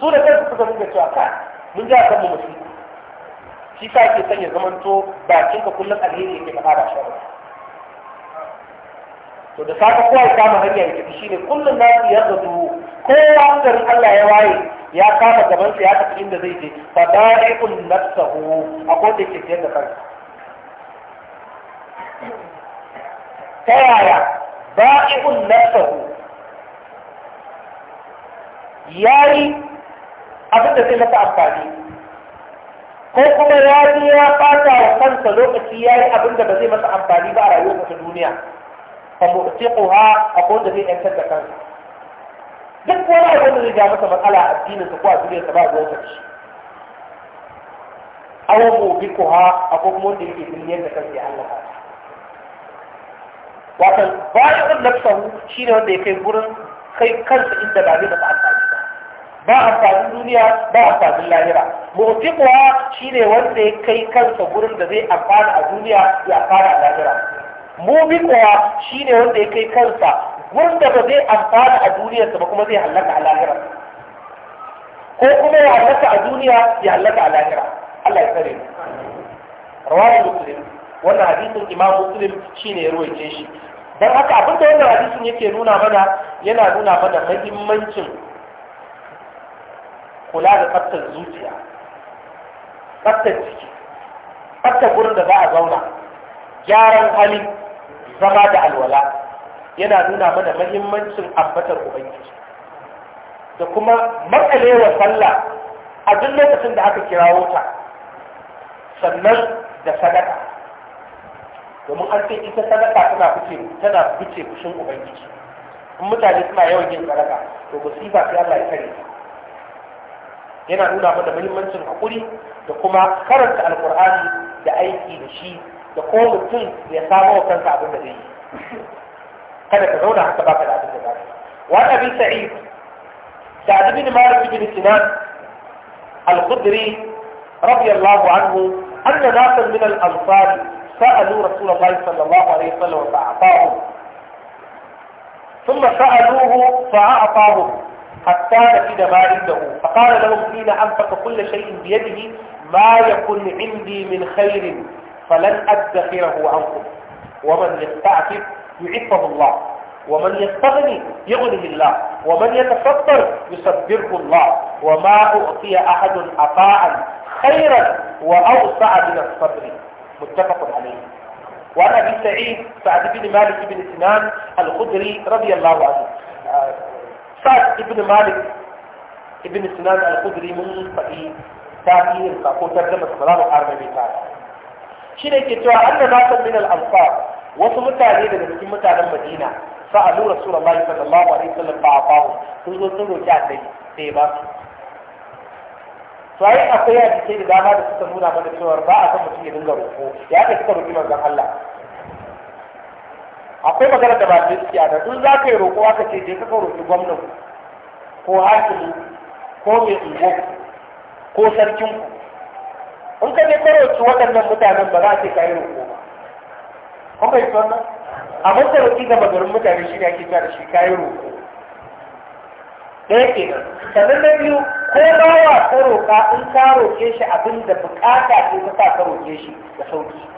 su da kansu suka rinka cewa ka mun ji a kanmu musulmi shi sa yake son ya zamanto cin ka kullum alheri yake ka fara shi to da saka kowa ya kama hanya ya tafi ne kullum na su yarda duhu kowa garin Allah ya waye ya kama gaban sa ya tafi inda zai je fa da'iqun nafsahu ko da yake da kansa ta yaya da'iqun nafsahu yayi abin sai zai ta amfani ko kuma ya je ya fata wa kansa lokaci ya yi abin da ba zai masa amfani ba a rayuwar ta duniya fa a akwai da zai yantar da kansa duk wani abin da zai ja masa matsala a addinin ko a duniyar ta ba a zuwa shi ha a ko kuma wanda yake duniyar da kansa ya halaka wato bayan shi ne wanda ya kai gurin kai kansa inda ba zai masa amfani ba amfanin duniya ba amfanin lahira mutiquha shine wanda ya kai kansa gurin da zai amfana a duniya ya amfana a lahira shi shine wanda ya kai kansa gurin da ba zai amfana a duniya ba kuma zai hallaka a lahira ko kuma ya hallaka a duniya ya hallaka a lahira Allah ya tsare rawahu muslim wannan hadisin imam muslim shine ya ruwaice shi dan haka abinda wannan hadisin yake nuna mana yana nuna mana mahimmancin kula da tsaftar zuciya tsaftar jiki tsaftar gurin da za a zauna gyaran hali zama da alwala yana nuna mana mahimmancin ambatar ubangiji da kuma matsalewar sallah a duk lokacin da aka kira wuta sannan da sadaka domin an ce ita sadaka tana fice tana fice fushin ubangiji in mutane suna yawan yin sadaka to musiba sai Allah ya kare ta yana nuna mana muhimmancin hakuri da kuma karanta alkur'ani da aiki da shi da ko mutum ya samu wa kansa abin da zai yi kada ka zauna haka baka da abin da zaka wa abi sa'id sa'd bin malik bin sinan al qudri radiyallahu anhu anna nasan min al-ansar sa'alu rasulullahi sallallahu alaihi wasallam fa'atahu ثم سألوه فأعطاهم حتى نفد ما عنده فقال لهم حين أنفق كل شيء بيده ما يكن عندي من خير فلن أدخره عنكم ومن يستعفف يعفه الله ومن يستغني يغنه الله ومن يتفطر يصبره الله وما أعطي أحد عطاء خيرا وأوسع من الصبر متفق عليه وعن أبي سعيد سعد بن مالك بن سنان الخدري رضي الله عنه sa'ad ibn malik ibn sinan al-khudri mun faɗi tarihin sa ko tarjama sa za mu ƙara mai ta shi ne ke cewa anna nasan min al-ansar wasu mutane daga cikin mutanen madina sa'alu rasulullahi sallallahu alaihi wasallam fa afahu sun zo sun roki annabi sai ba su to akwai akwai hadisi da dama da suka nuna mana cewa ba a san mutum ya dinga roƙo ya ka suka roƙi manzon Allah akwai magana da ba ta yi da duk za ka yi roƙo aka ce je kaka roƙi gwamnan ko hakimi ko mai ungo ko sarkin ku in ka je ka roƙi waɗannan mutanen ba za a ce ka yi roƙo ba kun bai tsohon nan a masa roƙi ga magarin mutane shi ne ake cewa da shi ka yi roƙo ɗaya ke nan sannan na biyu ko ba ka roƙa in ka roƙe shi abin da buƙata ce ta sa ka roƙe shi da sauƙi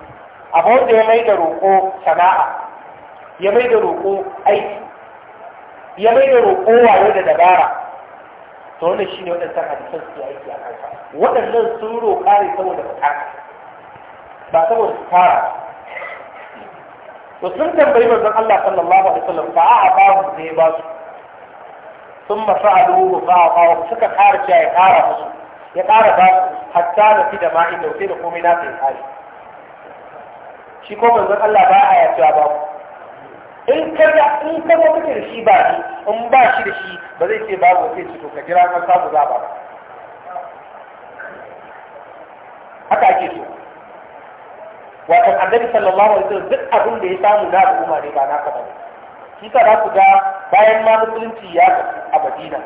abu da ya mai da roƙo sana'a ya mai da roƙo aiki ya mai da roƙo wayo da dabara ta wannan shi ne waɗansan hadisan su aiki a kansa waɗannan sun roƙa ne saboda buƙata ba saboda su fara to sun tambayi manzon Allah sallallahu alaihi wasallam fa a ba su ne ba su sun masa'alu ba a ba suka ƙara cewa ya ƙara musu ya ƙara ba su hatta da fi da ma'i dauke da komai na ta yi kare shi ko manzon Allah ba a ya cewa ba ku in kada in ka kake da shi ba shi in ba shi da shi ba zai ce babu sai ce to ka jira ka samu za ba haka ake so wato annabi sallallahu alaihi wasallam duk abin da ya samu na al'umma ne ba naka ba shi sa za ku ga bayan ma musulunci ya kafu a Madina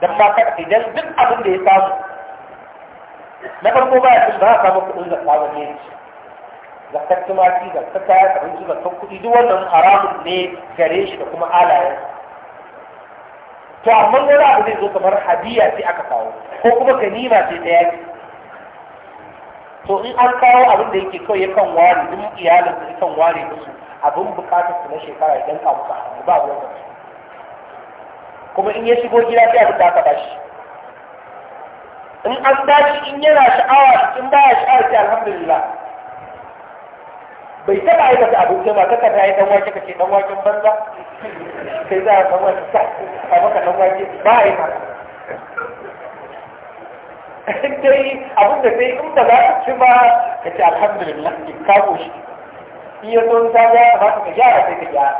dan ma ka idan duk abin da ya samu na farko ba ya san ba ka samu kudin zakka wani ne zakar tumaki ta kaya abinci kan kuɗi duk wannan haramun ne gare shi da kuma alayen to amma wani abu zai zo kamar hadiya sai aka kawo ko kuma ganima sai ta yaki to in an kawo abin da yake kawai yakan ware duk iyalin su yakan ware musu abin bukatar su na shekara idan ka musu hannu ba wani kuma in ya shigo gida sai abin da aka bashi in an dace in yana sha'awa in baya sha'awa sai alhamdulillah bai taɓa aikata abin ce ba kaka ta yi dan wake kace dan waken banza sai za a dan wake sa a maka dan wake ba a yi haka dai abin da sai in ba za ka ci ba ka ce alhamdulillah kago koshi in ya zo ta ga ba ka gyara sai ka gyara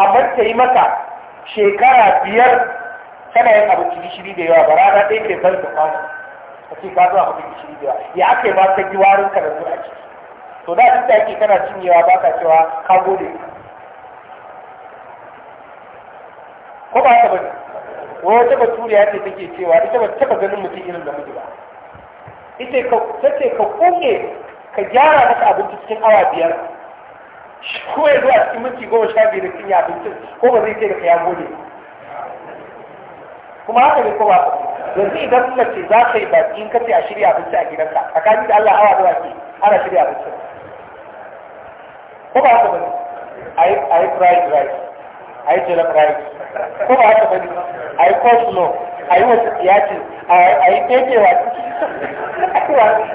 amma ta yi maka shekara biyar tana yin abinci gishiri da yawa ba rana ɗaya ke bar da kwana a ce ka zo abin gishiri da yawa ya ake ba ka ji warin da zuwa ciki to da duk da ake kana cinyewa ba ka cewa ka gode ko ba haka bane ba turiya ce take cewa ita ba ta ganin mutum irin da miji ba ita ka take ka kunge ka gyara maka abinci cikin awa biyar ko ya zuwa cikin minti goma sha biyu da cinye abinci ko ba zai ce da ka ya gode kuma haka ne ko ba yanzu idan ce za ka yi baki in kace a shirya abinci a gidanka a kaji da Allah awa zuwa ke ana shirya abinci ko ba haka bane ai ai fried rice ai jollof rice ko ba haka bane ai coleslaw ai wasu yaci ai tekewa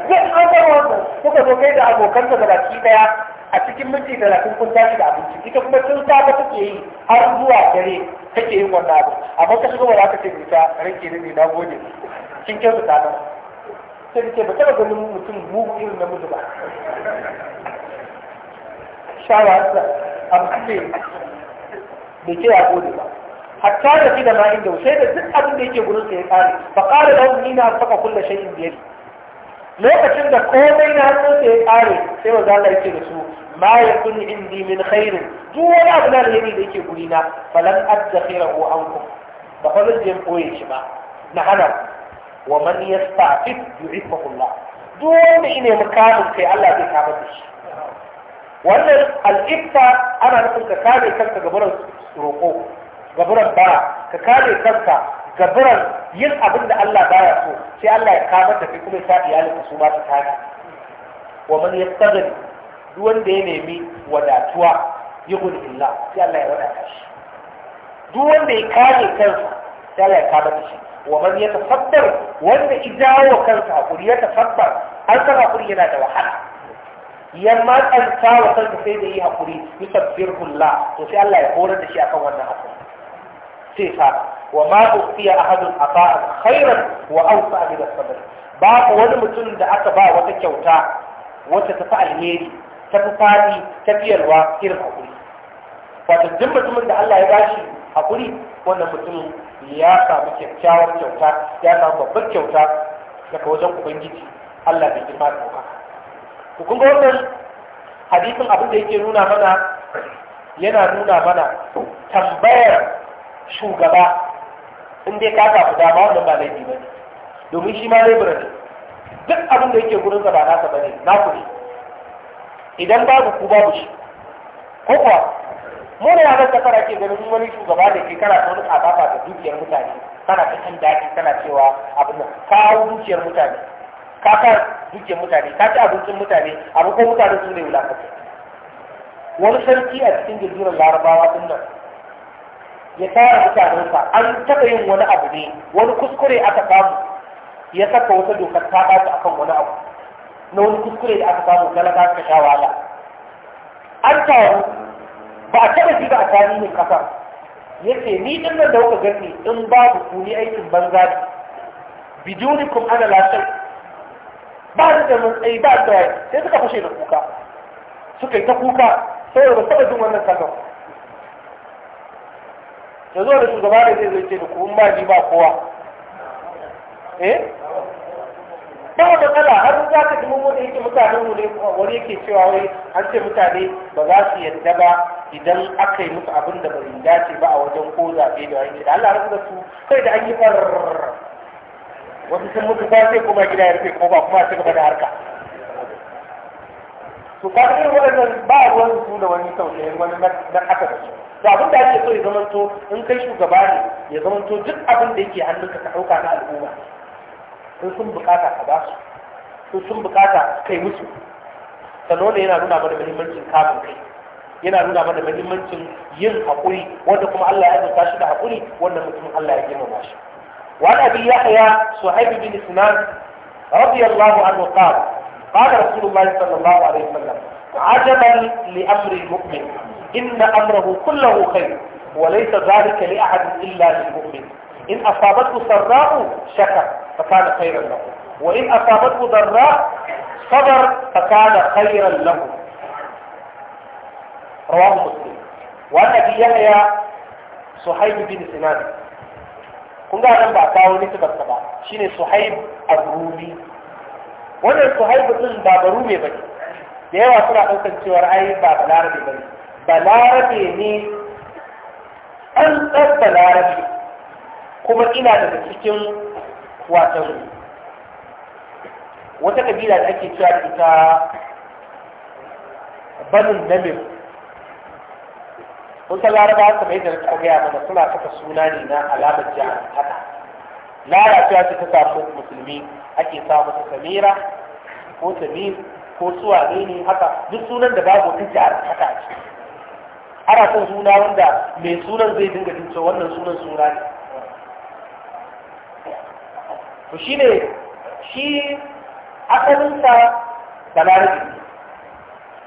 zai an bar wannan ka zo kai da abokan da ki daya a cikin minti 30 kun tashi da abinci ita kuma tun ba take yi har zuwa dare take yin wannan abu amma ka shiga wala ka ce ta ni ne na gode kin kyautata ta sai ce ba taba ganin mutum mu irin namiji ba shawa amma ce bai ce ya gode ba hatta da shi da ma inda sai da duk abin da yake gurin sa ya kare fa qala lahu inna saka kullu shay'in bi yadi lokacin da komai na hannun sa ya kare sai manzo Allah yake da su ma yakun indi min khairin duk wani abu na alheri da yake guri na falan adzakhirahu ankum ba fa zan je koye shi ba na hana wa man yastafid yu'ifahullah duk wanda ine mukamin kai Allah zai kama da shi wannan al'ifta ana nufin ka kare kanka gaburan roƙo gaburan bara ka kare kanka gaburan yin abin da Allah baya so sai Allah ya kama da kai kuma ya iyalin ka su ma su kare wa man yastaghni duk wanda ya nemi wadatuwa yughni billah sai Allah ya wadata shi duk wanda ya kare kansa sai Allah ya kama da shi wa man yatasabbar wanda ijawo kansa hakuri ya tasabbar an san hakuri yana da wahala ya matsanta wa kansa sai da yi hakuri yusabbirullah to sai Allah ya horar da shi akan wannan hakuri sai fara wa ma ufiya ahadun ata'an khairan wa awsa min as Ba babu wani mutum da aka ba wata kyauta wacce ta fi alheri ta fi fadi tafiyarwa, yalwa irin hakuri wato duk mutumin da Allah ya bashi hakuri wannan mutum ya samu kyakkyawar kyauta ya samu babbar kyauta daga wajen ubangiji Allah bai girma da ku kun ga wannan hadisin abin da yake nuna mana yana nuna mana tambayar shugaba in dai ka kafu dama wannan ba laifi ba ne domin shi ma laifin ne duk abin da yake gurin sa ba nasa ba ne ku ne idan babu ku babu shi ko kuwa mu ne ranar safara ke ganin wani shugaba da ke kana wani kafafa da dukiyar mutane kana ta kan daji kana cewa abin nan kawo dukiyar mutane ka ka duke mutane ka ci abincin mutane abu ko mutane su ne wulakanta wani sarki a cikin jirgin larabawa din nan ya tara mutanensa an taɓa yin wani abu ne wani kuskure aka samu ya saka wata dokar ta ɓata akan wani abu na wani kuskure da aka samu talaka suka sha wahala an taru ba a taɓa ji ba a tarihin Ya ce ni din nan da kuka gani in babu ku ni aikin banza ne bijunikum ana lafiya ba da matsayi ba da ya sai suka fashe da kuka suka yi ta kuka saboda ba jin wannan kalmar da zuwa da shugaba da zai zai da ku ba ni ba kowa eh ba matsala har za ka ji mun wani yake mutanen mu ne wani yake cewa wai an ce mutane ba za su yadda ba idan aka yi musu abin da bai dace ba a wajen ko zaɓe da wani da Allah rabu da su kai da an yi farar wasu sun mutu ba sai kuma gida ya rufe kuma ba kuma ci gaba da harka to ka irin waɗannan ba ruwan su da wani tausayin wani na haka da su to abin da ake so ya zamanto in kai shugaba ne ya zamanto duk abin da yake hannunka ka sauka na al'umma in sun bukata ka ba su in sun bukata kai musu sannan yana nuna mana muhimmancin kafin kai yana nuna mana muhimmancin yin haƙuri wanda kuma Allah ya zata shi da haƙuri wannan mutum Allah ya girmama shi وعن أبي يحيى صهيب بن سنان رضي الله عنه قال قال رسول الله صلى الله عليه وسلم عجبا لأمر المؤمن إن أمره كله خير وليس ذلك لأحد إلا للمؤمن إن أصابته سراء شكر فكان خيرا له وإن أصابته ضراء صبر فكان خيرا له رواه مسلم وعن أبي يحيى صهيب بن سنان kun ga nan ba kawo nisbar ba shine suhaib ar-rumi wannan suhaib din ba barume bane da yawa suna daukar cewa ai ba balarabe bane balarabe ne an tsar balarabe kuma ina daga cikin watan wata kabila da ake cewa ita banin namib kun san laraba kamar yadda na gaya mana suna saka suna ne na alamar jihar haka lalacewa ce ta samu musulmi ake samu ta samira ko samir ko suwa ne ne haka duk sunan da babu ta jihar haka ce ana son suna wanda mai sunan zai dinga dinka wannan sunan suna ne to shi ne shi asalinsa balarabi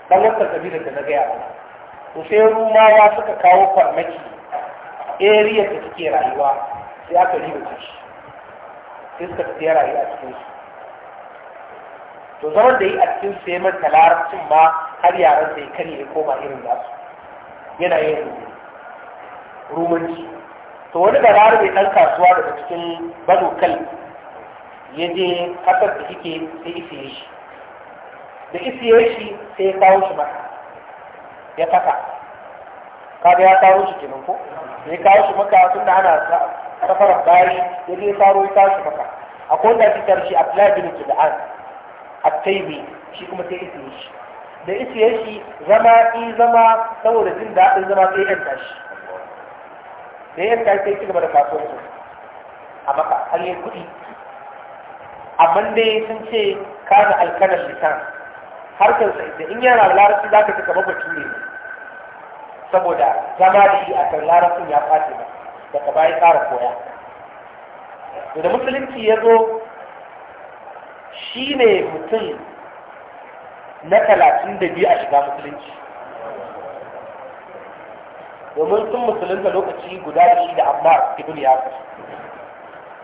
ɗan wancan kabilar da na gaya mana to sai ba suka kawo farmaki area da suke rayuwa sai aka riba shi sai suka tafiya rayuwa a cikin su to zaman da yi a cikin sai manta larabcin ma har yaran sai kare ya koma irin su, yana yin rumanci to wani da mai ɗan kasuwa daga cikin bano kal ya je kasar da kike sai isiye shi da isiye shi sai ya kawo shi maka ya kasa kaga ya taro shi kenan ko ya kawo shi maka tun da ana safarar bayi ya je taro ya kawo shi maka a wanda ake tare shi abdullahi bin kid'an a taymi shi kuma sai isi shi da ya shi zama i zama saboda jin daɗin zama sai yan tashi da yan tashi sai cigaba da kasuwanci a maka har yi kuɗi amma dai sun ce kada alkanar lisan harkar sa da in yana da larabci za ka ci kamar bature ne saboda zama da shi a kan larabcin ya fashe ba daga baya tsara koya to da musulunci ya zo shi ne mutum na talatin da biyu a shiga musulunci domin sun musulunta lokaci guda da shi da amma ibn yasir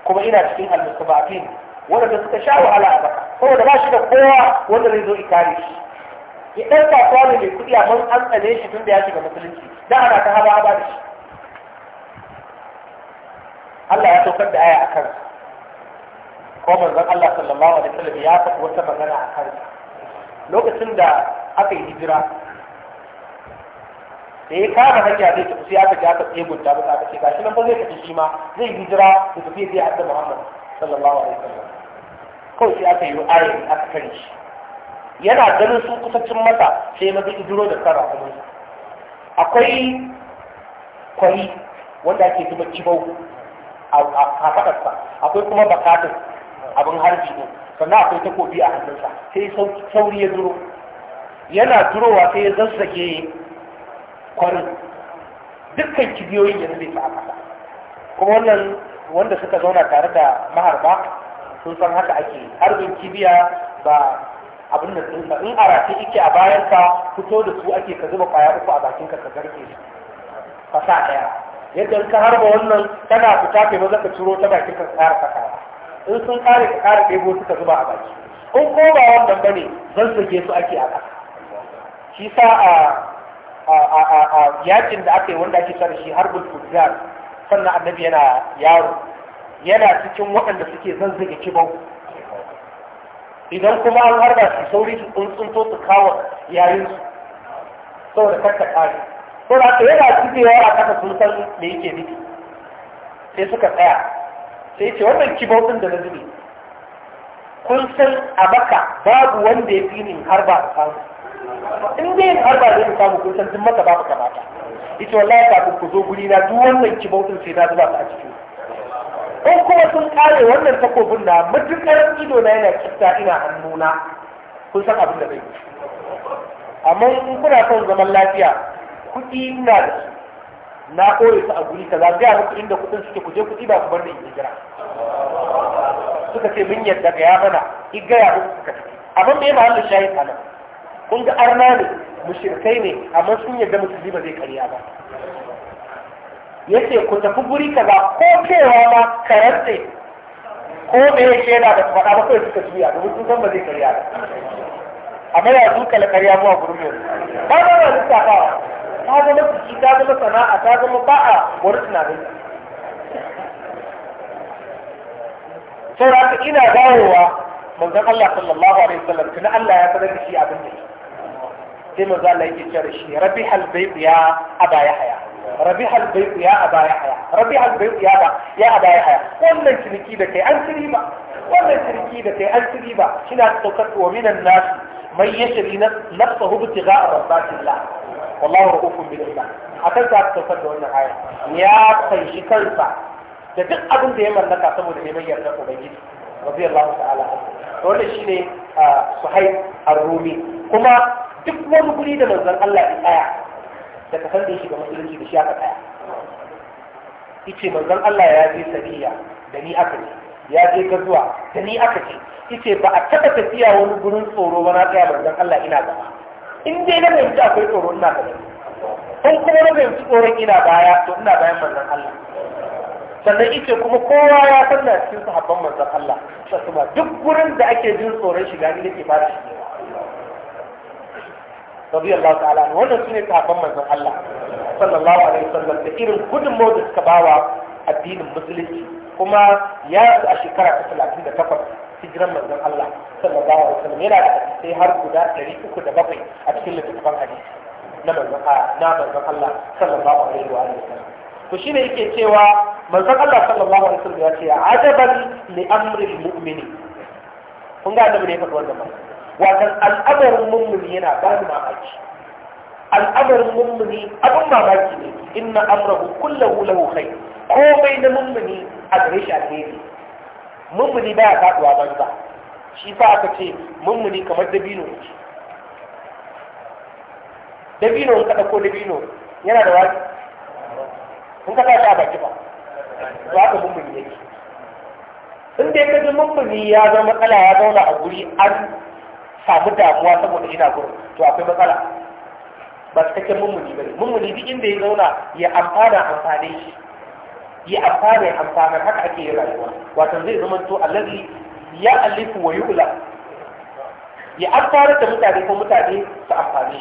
kuma ina cikin al wanda suka sha wahala ba saboda ba shi da kowa wanda zai zo ikari shi ya ɗan kasuwa ne mai kuɗi amma an tsane shi tun da ya shiga musulunci da ana ta haba haba da shi Allah ya saukar da aya a kan ko manzon Allah sallallahu alaihi wasallam ya faɗi wata magana a kan lokacin da aka yi hijira da ya kama hanya zai tafi sai aka ji aka tsegunta masa aka ce gashi nan ba zai tafi shi ma zai hijira da tafi zai hadda Muhammad sallallahu alaihi wasallam kawai sai aka yi ayin aka kare shi yana ganin su kusancin masa sai maza iduro da tsara kuma akwai kwari wanda ake zuba kibau a kafadarsa akwai kuma bakatun abin harbi ne sannan akwai takobi a hannunsa sai sauri ya duro yana durowa sai ya zazzage kwarin dukkan kibiyoyin yanzu bai sa kasa kuma wannan wanda suka zauna tare da maharba sun san haka ake harbin kibiya ba abin da sun in a rafi ike a bayan ka fito da su ake ka zuba kwaya uku a bakin ka ka garke su fasa ɗaya yadda ka harba wannan tana fita kai maza ka ciro ta bakin ka ƙara fasa in sun kare ka ƙara ɗebo suka zuba a baki in ko ba wannan bane zan sake su ake a ƙasa shi sa a yakin da aka yi wanda ake sa da shi harbin tuzar sannan annabi yana yaro yana cikin waɗanda suke zanzage kibau idan kuma an harba su sauri su tsuntsunto su kawo yayin su saboda karta tsari. ko da ka yana cikin a kasa sun san me yake nufi sai suka tsaya sai ce wannan kibau ɗin da na zube kun san a maka babu wanda ya fi ni harba da samu in dai harba zai samu kun san duk maka babu kamata ita wallahi kafin ku zo guri na duk wannan kibau ɗin sai na zuba su a cikin ko kuma sun kare wannan takobin na matukar ido na yana kifta ina hannuna kun san abin da zai yi amma in kuna son zaman lafiya kuɗi na da su na kore su a guri kaza a muku inda kuɗin suke kuje kuɗi ba ku bar da hijira suka ce mun yadda gaya mana i gaya muku suka tafi amma me ma shayin a nan kun ga arna ne mushirkai ne amma sun yadda musulmi ba zai karya ba yace ku tafi guri kaza ko cewa ma karantse ko me yake da da faɗa ba kai suka juya domin sun san ba zai karya ba amma ya duka la karya mu a gurin Ba ba ba ba duka ba ta zama jiki ta zama sana'a ta zama ba a wani tunanin saboda ina dawowa manzon Allah sallallahu alaihi wasallam tuna Allah ya sanar da shi abin da sai manzo Allah yake cewa shi rabi hal bayt ya aba ya haya rabiha albayt ya aba yahya rabiha albayt ya aba ya aba yahya wannan ciniki da kai an ci ba. wannan ciniki da kai an ci riba kina saukar wa minan nas man yashri nafsahu ibtigha'a rabbatillah wallahu ra'ufun bil ibad akan ta saukar da wannan aya ya kai shi kansa da duk abin da ya mallaka saboda neman yarda ubangiji radiyallahu ta'ala anhu wannan shine ah, suhaib ar-rumi kuma duk wani guri da manzon Allah ya tsaya da ka san shi ga musulunci da shi aka tsaya ice manzon Allah ya je sabiya da ni aka ce ya je zuwa, da ni aka ce ice ba a taɓa tafiya wani gurin tsoro ba na tsaya manzon Allah ina gaba in dai na fahimci akwai tsoro ina gaba in kuma na fahimci tsoron ina baya to ina bayan manzon Allah sannan ice kuma kowa ya san na cikin sahabban manzon Allah sasuma duk gurin da ake jin tsoron shiga ni nake fara shiga radiyallahu ta'ala wannan sune sahabban manzan Allah sallallahu alaihi wasallam da irin gudun da suka bawa addinin musulunci kuma ya su a shekara ta talatin da takwas hijiran manzan Allah sallallahu alaihi wasallam yana da sai har guda ɗari uku da bakwai a cikin littattafan hadisi na manzon na manzon Allah sallallahu alaihi wa sallam to shine yake cewa manzon Allah sallallahu alaihi wasallam ya ce ajaban li amri mu'mini kun ga annabi ne ya faɗi wannan magana wasan al'amarin mummuni yana ba ni mamaki al'amarin mummuni abin mamaki ne inna amrahu kullahu lahu khair komai na mummuni a gare shi alheri mummuni baya faduwa banza shi fa aka ce mummuni kamar dabino ne dabino in ka dauko dabino yana da waki in ka sa a baki ba to haka mummuni yake in dai ka ji mummuni ya zama matsala ya zauna a guri an samu damuwa saboda ina gurin to akwai matsala ba kake mummuni ba ne mummuni duk inda ya zauna ya amfana amfane shi ya amfana amfanar haka ake yi rayuwa wato zai zama to allazi ya alifu wa yu'la ya amfana da mutane ko mutane su amfane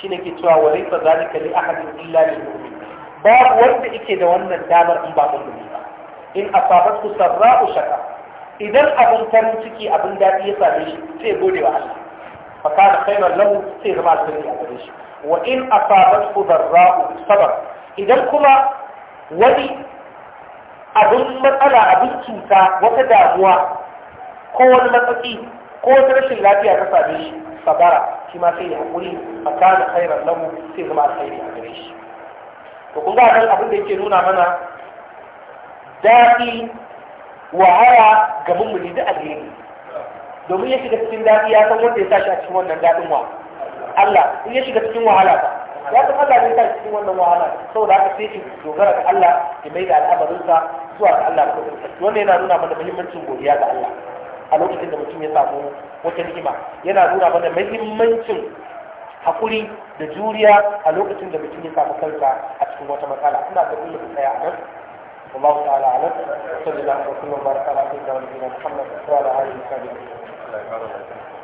shi ne ke cewa wa laysa zalika li ahadin illa lil mu'min babu wanda yake da wannan damar in ba mummuni ba in asabatku sarra'u shaka idan abin farin ciki abin daɗi ya same shi sai gode wa Allah fa kana khairan lahu sai zama alheri a gare shi wa in asabathu darra'u sabar idan kuma wani abin matsala abin cuta wata damuwa ko wani matsaki, ko wata rashin lafiya ta same shi sabara shi ma sai ya haƙuri fa kana khairan lahu sai zama alheri a gare shi to kun ga abin da yake nuna mana daɗi Wahala ga mu da alheri domin ya shiga cikin daɗi ya san wanda ya sa shi a cikin wannan daɗin wa Allah in ya shiga cikin wahala ba ya san Allah ne ya sa cikin wannan wahala saboda haka sai ki dogara ga Allah ki mai da sa zuwa ga Allah ko wannan yana nuna mana muhimmancin godiya ga Allah a lokacin da mutum ya samu wata ni'ima yana nuna mana muhimmancin hakuri da juriya a lokacin da mutum ya samu kansa a cikin wata matsala ina ga kullum tsaya a nan والله تعالى اعلم وصلى الله وسلم وبارك على سيدنا محمد وعلى اله وصحبه